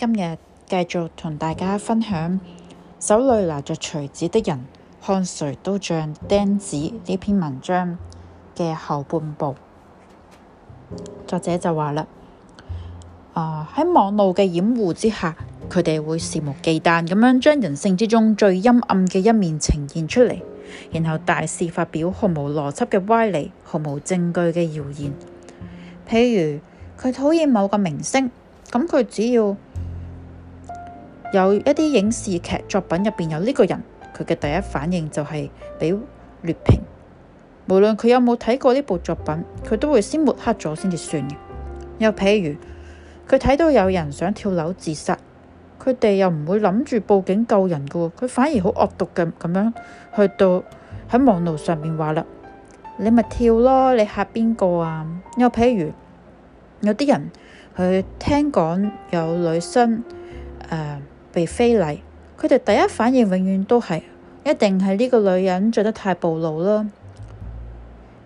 今日繼續同大家分享手裏拿着錘子的人看誰都像釘子呢篇文章嘅後半部。作者就話啦：啊喺網絡嘅掩護之下，佢哋會肆無忌憚咁樣將人性之中最陰暗嘅一面呈現出嚟，然後大肆發表毫無邏輯嘅歪理、毫無證據嘅謠言。譬如佢討厭某個明星，咁佢只要有一啲影視劇作品入邊有呢個人，佢嘅第一反應就係畀劣評。無論佢有冇睇過呢部作品，佢都會先抹黑咗先至算嘅。又譬如佢睇到有人想跳樓自殺，佢哋又唔會諗住報警救人㗎喎，佢反而好惡毒㗎咁樣去到喺網絡上面話啦：你咪跳咯，你嚇邊個啊？又譬如有啲人佢聽講有女生誒，呃被非禮，佢哋第一反應永遠都係，一定係呢個女人着得太暴露啦。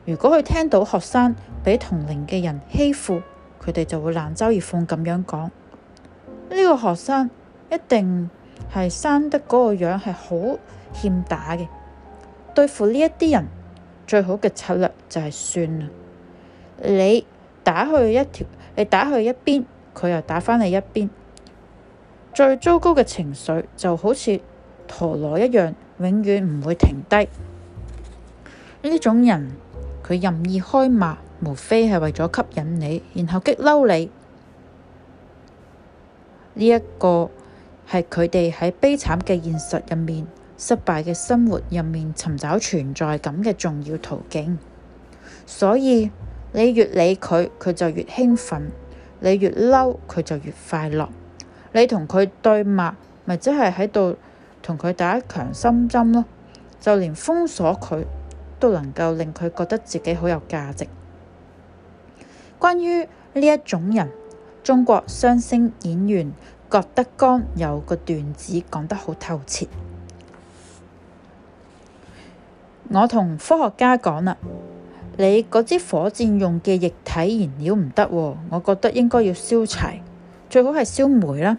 如果佢聽到學生俾同齡嘅人欺負，佢哋就會冷嘲熱諷咁樣講：呢個學生一定係生得嗰個樣係好欠打嘅。對付呢一啲人，最好嘅策略就係算啦。你打佢一條，你打佢一邊，佢又打返你一邊。最糟糕嘅情緒就好似陀螺一樣，永遠唔會停低。呢種人，佢任意開罵，無非係為咗吸引你，然後激嬲你。呢一個係佢哋喺悲慘嘅現實入面、失敗嘅生活入面尋找存在感嘅重要途徑。所以，你越理佢，佢就越興奮；你越嬲，佢就越快樂。你同佢對罵，咪即係喺度同佢打強心針咯，就連封鎖佢都能夠令佢覺得自己好有價值。關於呢一種人，中國相聲演員郭德綱有個段子講得好透切。我同科學家講啦，你嗰支火箭用嘅液體燃料唔得喎，我覺得應該要燒柴。最好係燒煤啦，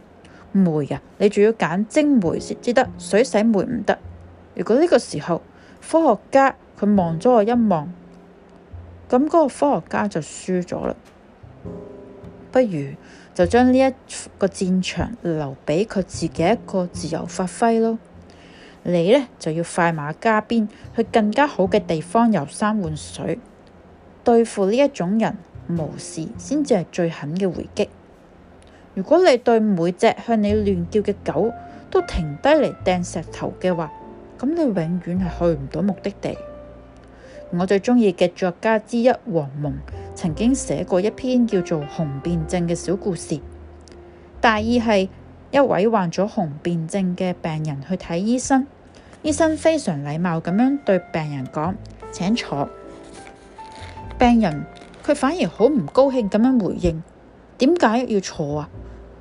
煤啊，你仲要揀蒸煤先得，水洗煤唔得。如果呢個時候科學家佢望咗我一望，咁嗰個科學家就輸咗啦。不如就將呢一個戰場留畀佢自己一個自由發揮咯。你呢，就要快馬加鞭去更加好嘅地方遊山玩水，對付呢一種人無視，先至係最狠嘅回擊。如果你對每隻向你亂叫嘅狗都停低嚟掟石頭嘅話，咁你永遠係去唔到目的地。我最鍾意嘅作家之一王蒙曾經寫過一篇叫做《雄辯症》嘅小故事。大意係一位患咗雄辯症嘅病人去睇醫生，醫生非常禮貌咁樣對病人講，請坐。病人佢反而好唔高興咁樣回應，點解要坐啊？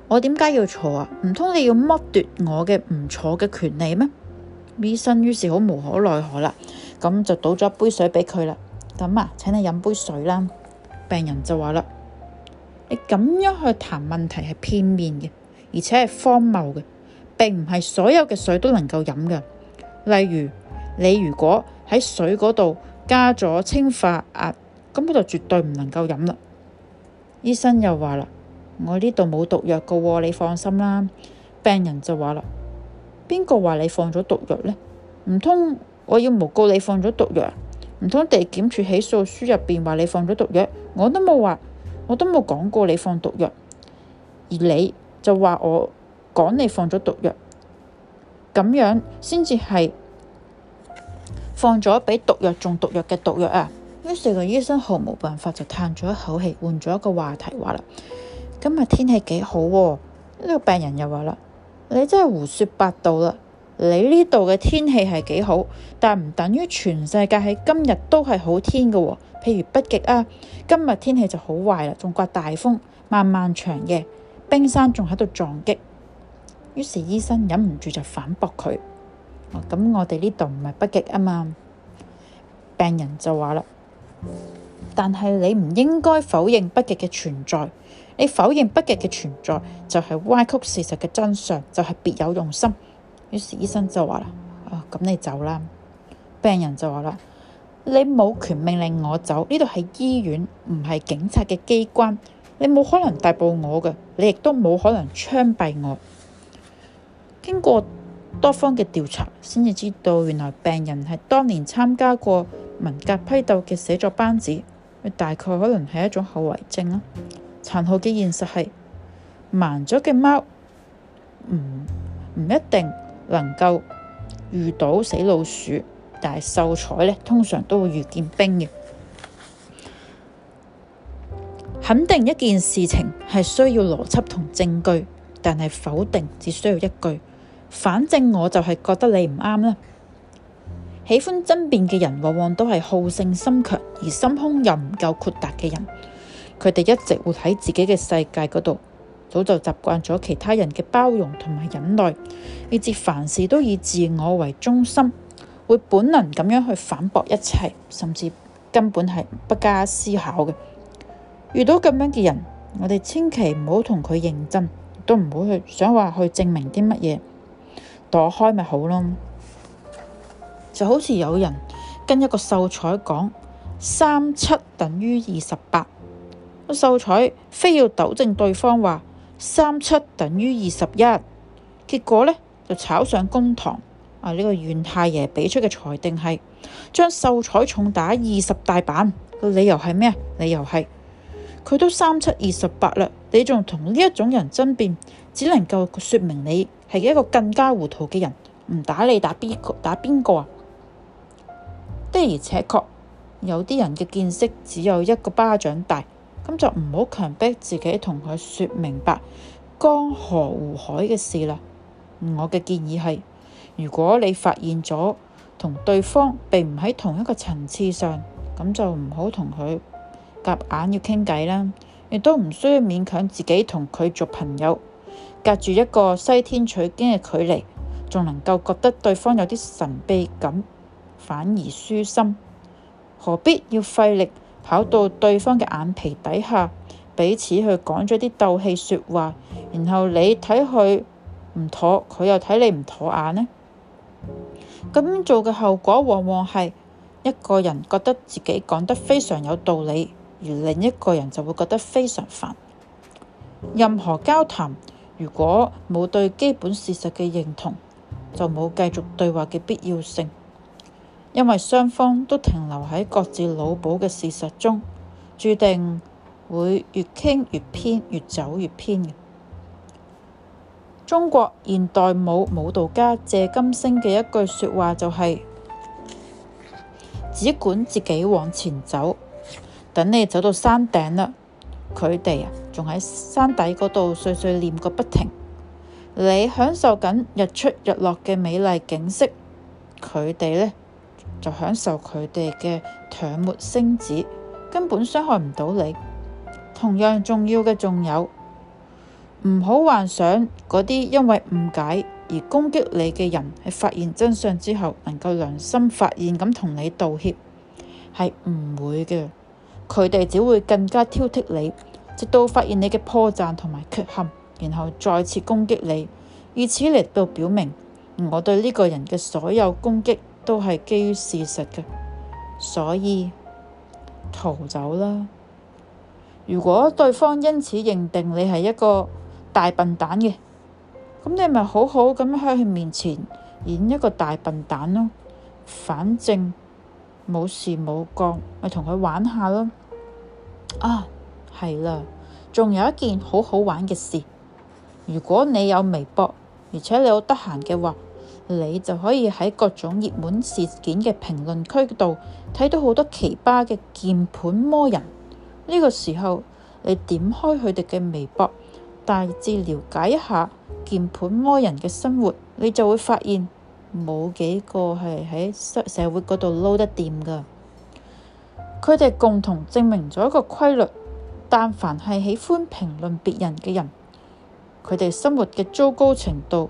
我點解要坐啊？唔通你要剝奪我嘅唔坐嘅權利咩？醫生於是好無可奈何啦，咁就倒咗杯水畀佢啦。咁啊，請你飲杯水啦。病人就話啦：你咁樣去談問題係片面嘅，而且係荒謬嘅，並唔係所有嘅水都能夠飲嘅。例如，你如果喺水嗰度加咗氰化鉀，根本就絕對唔能夠飲啦。醫生又話啦。我呢度冇毒藥㗎喎，你放心啦。病人就話啦：邊個話你放咗毒藥呢？唔通我要誣告你放咗毒藥？唔通地檢署起訴書入邊話你放咗毒藥？我都冇話，我都冇講過你放毒藥，而你就話我講你放咗毒藥，咁樣先至係放咗比毒藥仲毒藥嘅毒藥啊！於是 個醫生毫無辦法就嘆咗一口氣，換咗一個話題話，話啦。今日天，天氣幾好喎、啊？呢、這個病人又話啦：，你真係胡說八道啦！你呢度嘅天氣係幾好，但唔等於全世界喺今日都係好天嘅、啊。譬如北極啊，今日天，天氣就好壞啦、啊，仲刮大風，漫漫長夜，冰山仲喺度撞擊。於是醫生忍唔住就反駁佢：，咁我哋呢度唔係北極啊嘛。病人就話啦。但係你唔應該否認北極嘅存在，你否認北極嘅存在就係歪曲事實嘅真相，就係、是、別有用心。於是醫生就話啦：，啊、哦、咁、嗯、你走啦！病人就話啦：，你冇權命令我走，呢度係醫院，唔係警察嘅機關，你冇可能逮捕我嘅，你亦都冇可能槍斃我。經過多方嘅調查，先至知道原來病人係當年參加過文革批鬥嘅寫作班子。大概可能係一種後遺症啦。殘酷嘅現實係，盲咗嘅貓唔一定能夠遇到死老鼠，但係秀才咧通常都會遇見兵嘅。肯定一件事情係需要邏輯同證據，但係否定只需要一句：，反正我就係覺得你唔啱啦。喜歡爭辯嘅人，往往都係好勝心強，而心胸又唔夠豁達嘅人。佢哋一直活喺自己嘅世界嗰度，早就習慣咗其他人嘅包容同埋忍耐，以至凡事都以自我為中心，會本能咁樣去反駁一切，甚至根本係不加思考嘅。遇到咁樣嘅人，我哋千祈唔好同佢認真，都唔好去想話去證明啲乜嘢，躲開咪好咯。就好似有人跟一個秀才講三七等於二十八，秀才非要糾正對方話三七等於二十一，結果呢就炒上公堂。啊！呢、這個袁太爺俾出嘅裁定係將秀才重打二十大板，個理由係咩？理由係佢都三七二十八啦，你仲同呢一種人爭辯，只能夠説明你係一個更加糊塗嘅人。唔打你打邊個？打邊個啊？而且確有啲人嘅見識只有一個巴掌大，咁就唔好強迫自己同佢説明白江河湖海嘅事啦。我嘅建議係，如果你發現咗同對方並唔喺同一個層次上，咁就唔好同佢夾硬要傾偈啦，亦都唔需要勉強自己同佢做朋友。隔住一個西天取經嘅距離，仲能夠覺得對方有啲神秘感。反而舒心，何必要費力跑到對方嘅眼皮底下，彼此去講咗啲鬥氣説話，然後你睇佢唔妥，佢又睇你唔妥眼呢？咁做嘅後果往往係一個人覺得自己講得非常有道理，而另一個人就會覺得非常煩。任何交談如果冇對基本事實嘅認同，就冇繼續對話嘅必要性。因為雙方都停留喺各自腦補嘅事實中，注定會越傾越偏，越走越偏嘅。中國現代舞舞蹈家謝金星嘅一句説話就係：只管自己往前走，等你走到山頂啦，佢哋啊，仲喺山底嗰度碎碎念個不停。你享受緊日出日落嘅美麗景色，佢哋呢。就享受佢哋嘅唾沫星子，根本傷害唔到你。同樣重要嘅仲有，唔好幻想嗰啲因為誤解而攻擊你嘅人，喺發現真相之後能夠良心發現咁同你道歉，係唔會嘅。佢哋只會更加挑剔你，直到發現你嘅破綻同埋缺陷，然後再次攻擊你。以此嚟到表明我對呢個人嘅所有攻擊。都係基於事實嘅，所以逃走啦。如果對方因此認定你係一個大笨蛋嘅，咁你咪好好咁喺佢面前演一個大笨蛋咯。反正冇事冇幹，咪同佢玩下咯。啊，係啦，仲有一件好好玩嘅事，如果你有微博，而且你好得閒嘅話。你就可以喺各種熱門事件嘅評論區度睇到好多奇葩嘅鍵盤魔人。呢、這個時候，你點開佢哋嘅微博，大致了解一下鍵盤魔人嘅生活，你就會發現冇幾個係喺社社會嗰度撈得掂㗎。佢哋共同證明咗一個規律：但凡係喜歡評論別人嘅人，佢哋生活嘅糟糕程度，